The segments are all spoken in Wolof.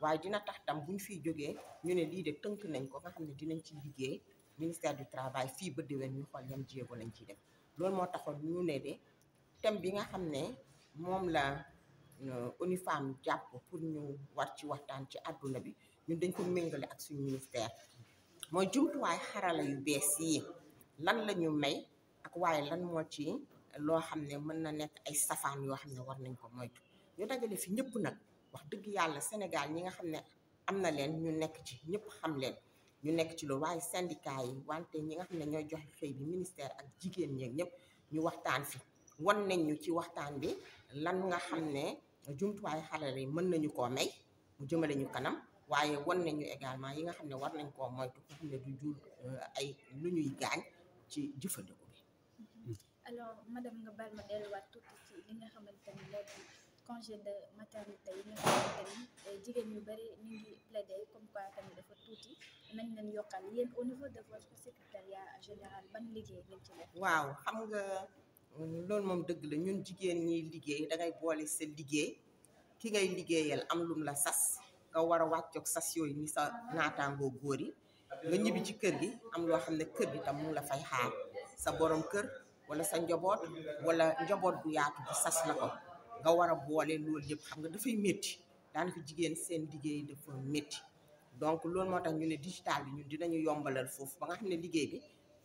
waaye dina tax tam bu ñu fiy jógee ñu ne lii de tënk nañ ko nga xam ne dinañ ci liggéey ministère du travail fii ba déwén ñu xool yan jéego lañ ciy def loolu moo taxoon ñu ne de thème bi nga xam ne moom la euh, UNIFEM jàpp pour ñu war ci waxtaan ci àdduna bi ñun dañ ko méngale ak suñu ministère mooy jumtuwaay xarala yu bees yi lan la ñu may ak waaye lan moo ci loo xam ne mën na nekk ay safaan yoo xam ne war nañ ko moytu ñu dajale fi ñëpp nag wax dëgg yàlla Sénégal ñi nga xam ne am na leen ñu nekk ci ñëpp xam leen ñu nekk ci loolu waaye syndicat yi wante ñi nga xam ne ñooy joxe xëy bi ministère ak jigéen ñeeg ñëpp ñu waxtaan fi wan nañ ñu ci waxtaan bi lan nga xam ne jumtuwaay xalal yi mën nañu koo may mu jëmale ñu kanam waaye wan nañu également yi nga xam ne war nañ koo moytu nga xam ne du jur euh, ay lu ñuy gaañ ci jëfandiku bi. alors madame nga baal ma delluwaat tuuti ci li nga xamante ni congé nga xamante eh, waaw xam nga loolu moom dëgg la ñun jigéen ñi liggéey dangay boole sa liggéey ki ngay liggéeyal am lum la sas nga war a wàccoog sas yooyu ni sa naataangoo góor yi nga ñibbi ci kër gi am loo xam ne kër gi tam mu la fay xaar sa borom kër wala sa njaboot wala njaboot bu yaatu bi sas la ko. nga war a boole loolu yëpp xam nga dafay métti daanaka jigéen seen liggéey dafa métti donc loolu moo tax ñu ne digital bi ñun dinañu yombalal foofu ba nga xam ne liggéey bi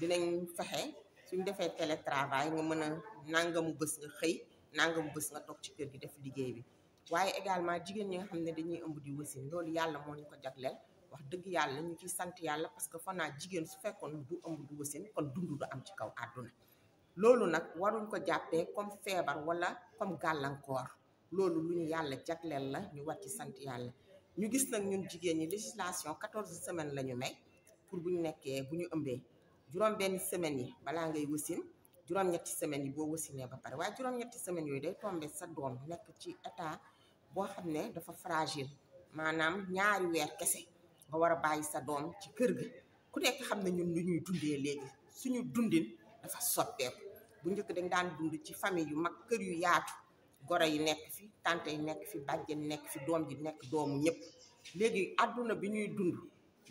dinañ fexe suñ defee télétravail nga mën a nangamu bës nga xëy nangamu bës nga toog ci kër gi def liggéey bi waaye également jigéen ñi nga xam ne dañuy ëmb di wasin loolu yàlla moo ñu ko jagleel wax dëgg yàlla ñu ciy sant yàlla parce que fanaa jigéen su fekkoon du ëmb du wasin kon dund du am ci kaw àdduna loolu nag waruñ ko jàppee comme feebar wala comme gàllankoor loolu lu ñu yàlla jagleel la ñu war ci sant yàlla ñu gis nag ñun jigéen ñi législation 14 semaine la ñu may pour bu ñu nekkee bu ñu ëmbee juróom benn semaines yi balaa ngay wasin juróom ñetti semaines yi boo wasinee ba pare waaye juróom ñetti semaines yooyu day tombé sa doom nekk ci état boo xam ne dafa fragile maanaam ñaari weer kese nga war a bàyyi sa doom ci kër gi ku nekk xam ne ñun lu ñuy dundee léegi suñu dundin dafa soppeeku bu njëkk dañ daan dund ci famille yu mag kër yu yaatu goro yi nekk fi tante yi nekk fi bàjjen nekk fi doom ji nekk doomu ñëpp léegi àdduna bi ñuy dund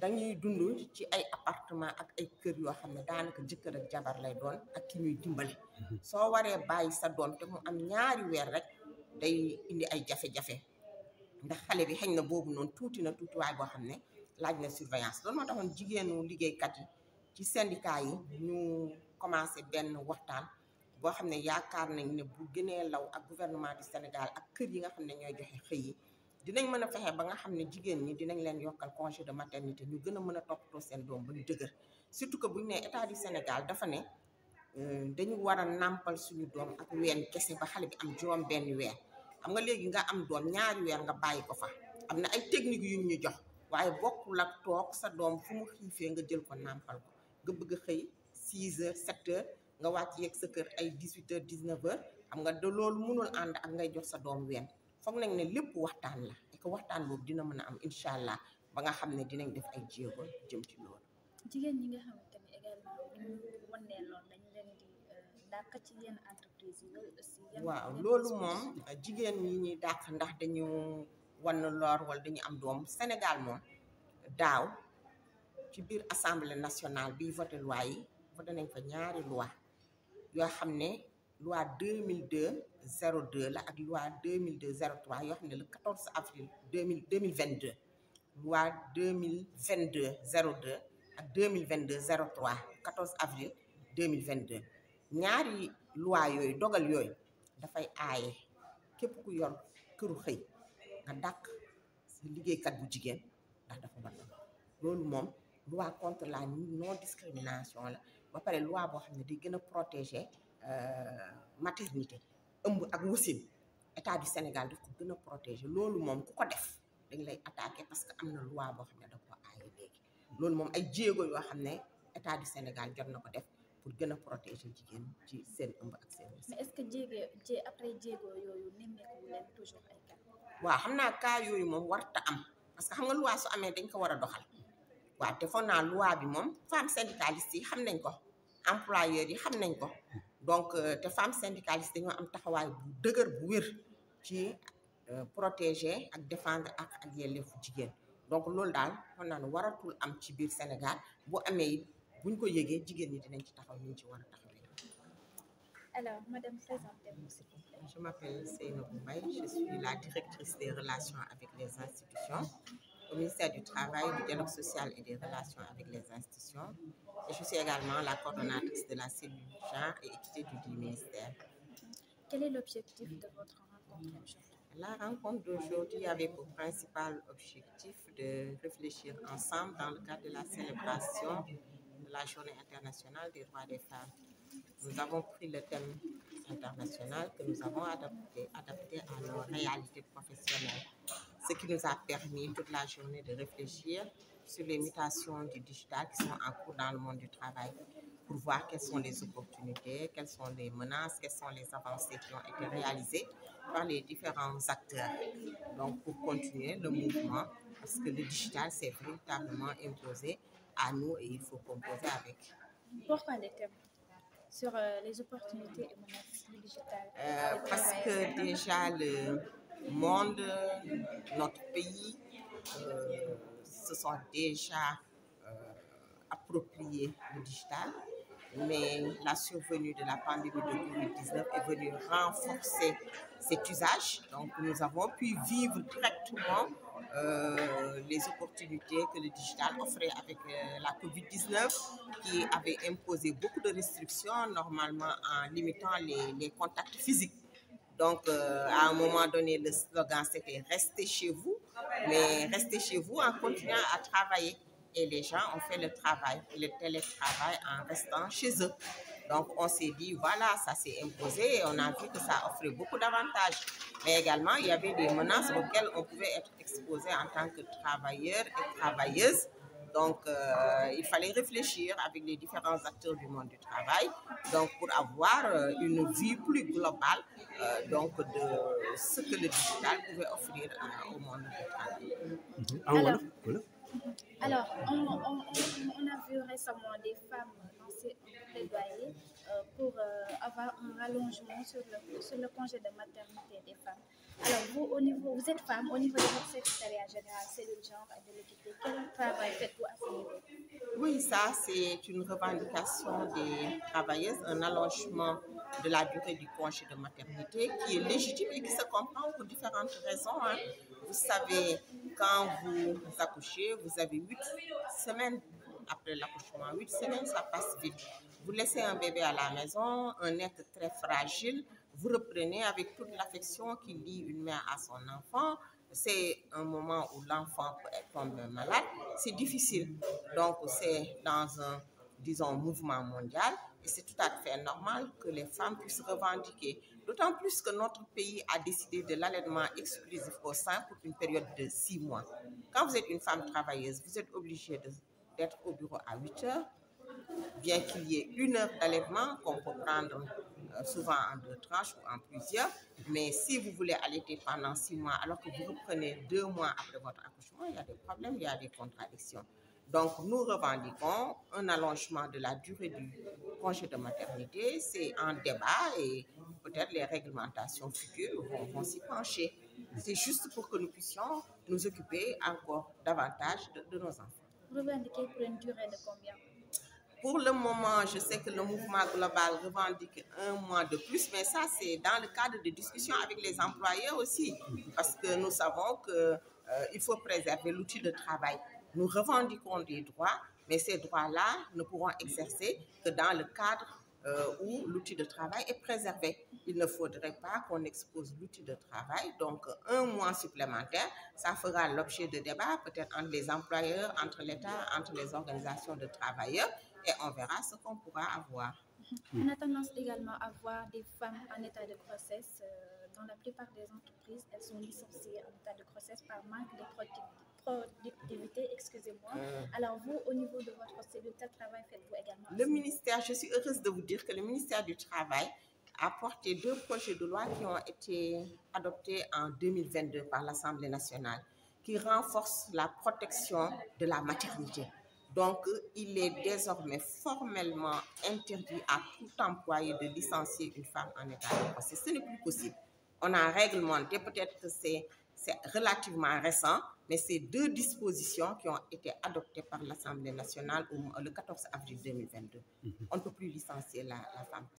dañuy dund ci ay appartement ak ay kër yoo xam ne daanaka jëkkër ak jabar lay doon ak ki ñuy dimbali mhm. soo waree bàyyi sa doom te mu am ñaari weer rek day indi ay jafe-jafe ndax xale bi xëy na boobu noonu tuuti na tuuti waay boo xam ne laaj na surveillance loolu moo taxoon jigéenu liggéeykat yi ci syndicat yi ñu commencé benn waxtaan boo xam ne yaakaar nañ ne bu gënee law ak gouvernement du Sénégal ak kër yi nga xam ne ñooy joxe xëy yi dinañ mën a fexe ba nga xam ne jigéen ñi dinañ leen yokkal congé de maternité ñu gën a mën a toppatoo seen doom ba ñu dëgër surtout que bu ñu nee état du Sénégal dafa ne euh, dañu war a nàmpal suñu doom ak ween kese ba xale bi am juróom benn weer xam nga léegi nga am doom ñaari weer nga bàyyi ko fa am na ay technique yuñ ñu jox waaye bokkul ak toog sa doom fu mu xiifee nga jël ko nàmpal ko 6 heures 7 heures nga wàcc yeeg sa kër ay 18 heures 19 heures xam nga de loolu mënul ànd ak ngay jox sa doom ween foog nañ ne lépp waxtaan la et waxtaan boobu dina mën a am incha allah ba nga xam ne dinañ def ay jéego jëm ci loolu. jigéen ñi nga xamante euh, waaw loolu jigéen ñi ñuy dàq ndax dañu wan lor wala dañu am doom Sénégal moom daaw ci biir assemblée nationale biy voté loi yi. fa nañ fa ñaari loi yoo xam ne loi 2002 02 la ak loi 2002 03 yoo xam ne le 14 avril 2000 2022 loi 2022 02 ak 2022 03 14 avril 2022 ñaari loi yooyu dogal yooyu dafay aaye képp ku yor këru xëy nga dàq liggéeykat bu jigéen ndax dafa ban loolu moom loi contre la non discrimination la ba pare loi boo xam ne day gën a protéger euh, maternité ëmb ak wasin état du Sénégal daf ko gën a protéger loolu moom ku ko def dañ lay attaqué parce que am na loi boo xam ne da ko aaye léegi loolu moom ay jéego yoo xam ne état du Sénégal jot na ko def pour gën a protéger jigéen ci seen ëmb ak seen wasin mais est-ce que jéego jé après jéego yooyu nemmeeku leen toujours ay cas waaw xam naa cas yooyu moom warta am parce que xam nga loi su amee dañ ko war a doxal waaw te foog naa loi bi moom femme syndicalistes yi xam nañ ko employeurs yi xam nañ ko donc euh, te femme syndicaliste dañoo am taxawaay bu dëgër bu wér ci euh, protéger ak défendre ak ak yelleefu jigéen donc loolu daal xam naa waratul am ci biir Sénégal bu amee buñ ko yëgee jigéen ñi dinañ ci taxaw ñu ci war a taxawee. Alors, Madame, présentez-vous, s'il vous plaît. Je m'appelle Seyna Boumbaye, je suis la directrice des relations avec les institutions au ministère du Travail, du dialogue social et des relations avec les institutions. Et je suis également la coordonnatrice de la cellule genre et équité du, ministère. Quel est l'objectif de votre rencontre aujourd'hui? La rencontre d'aujourd'hui avait pour principal objectif de réfléchir ensemble dans le cadre de la célébration de la Journée internationale des droits des femmes. Nous avons pris le thème international que nous avons adapté à nos réalités professionnelles ce qui nous a permis toute la journée de réfléchir sur les mutations du digital qui sont en cours dans le monde du travail pour voir quelles sont les opportunités, quelles sont les menaces, quelles sont les avancées qui ont été réalisées par les différents acteurs. Donc, pour continuer le mouvement, parce que le digital s'est véritablement imposé à nous et il faut composer avec. Pourquoi des sur euh, les opportunités et menaces du digital euh, Parce que déjà, le, monde, notre pays euh, se sont déjà euh, appropriés le digital, mais la survenue de la pandémie de COVID-19 est venue renforcer cet usage. Donc nous avons pu vivre directement euh, les opportunités que le digital offrait avec la COVID-19 qui avait imposé beaucoup de restrictions, normalement en limitant les contacts physiques. Donc, euh, à un moment donné, le slogan, c'était restez chez vous, mais restez chez vous en continuant à travailler. Et les gens ont fait le travail, le télétravail en restant chez eux. Donc, on s'est dit, voilà, ça s'est imposé et on a vu que ça offrait beaucoup d'avantages. Mais également, il y avait des menaces auxquelles on pouvait être exposé en tant que travailleur et travailleuse. Donc, euh, il fallait réfléchir avec les différents acteurs du monde du travail, donc pour avoir euh, une vue plus globale euh, donc de ce que le digital pouvait offrir au monde du travail. Mhm. Ah, alors, on, a vu récemment des femmes lancer un plaidoyer pour avoir un rallongement sur le congé de maternité des femmes. Alors, vous, au niveau, vous êtes femme, au niveau de votre secrétariat général, c'est le genre et de l'équité. Quel travail faites-vous à ce niveau Oui, ça, c'est une revendication des travailleuses, un allongement de la durée du congé de maternité qui est légitime et qui se comprend pour différentes raisons. Hein. Vous savez, quand vous accouchez, vous avez huit semaines après l'accouchement. Huit semaines, ça passe vite. Vous laissez un bébé à la maison, un être très fragile, vous reprenez avec toute l'affection qui lie une mère à son enfant. C'est un moment où l'enfant tombe malade. C'est difficile. Donc, c'est dans un, disons, mouvement mondial. Et c'est tout à fait normal que les femmes puissent revendiquer. D'autant plus que notre pays a décidé de l'allaitement exclusif au sein pour une période de six mois. Quand vous êtes une femme travailleuse, vous êtes obligée d'être au bureau à 8 heures, bien qu'il y ait une heure d'allaitement qu'on peut prendre euh, souvent en deux tranches ou en plusieurs. Mais si vous voulez allaiter pendant six mois, alors que vous prenez deux mois après votre accouchement, il y a des problèmes, il y a des contradictions. Donc, nous revendiquons un allongement de la durée du congé de maternité. C'est un débat et peut-être les réglementations futures vont, s'y pencher. C'est juste pour que nous puissions nous occuper encore davantage de, de nos enfants. Vous revendiquez pour une durée de combien pour le moment, je sais que le mouvement global revendique un mois de plus, mais ça, c'est dans le cadre de discussions avec les employeurs aussi, parce que nous savons qu'il euh, il faut préserver l'outil de travail. Nous revendiquons des droits, mais ces droits-là ne pourront exercer que dans le cadre euh, où l'outil de travail est préservé. Il ne faudrait pas qu'on expose l'outil de travail. Donc, un mois supplémentaire, ça fera l'objet de débats, peut-être entre les employeurs, entre l'État, entre les organisations de travailleurs et on verra ce qu'on pourra avoir. On a tendance également à voir des femmes en état de grossesse. Euh, dans la plupart des entreprises, elles sont licenciées en état de grossesse par manque de productivité. Excusez-moi. Euh. Alors vous, au niveau de votre cellule quel travail, faites-vous également Le ministère, je suis heureuse de vous dire que le ministère du Travail a porté deux projets de loi qui ont été adoptés en 2022 par l'Assemblée nationale, qui renforcent la protection de la maternité. Donc, il est désormais formellement interdit à tout employé de licencier une femme en état de procès. Ce n'est plus possible. On a réglementé, peut-être que c'est relativement récent, mais c'est deux dispositions qui ont été adoptées par l'Assemblée nationale le 14 avril 2022. Mm-hmm. On ne peut plus licencier la femme.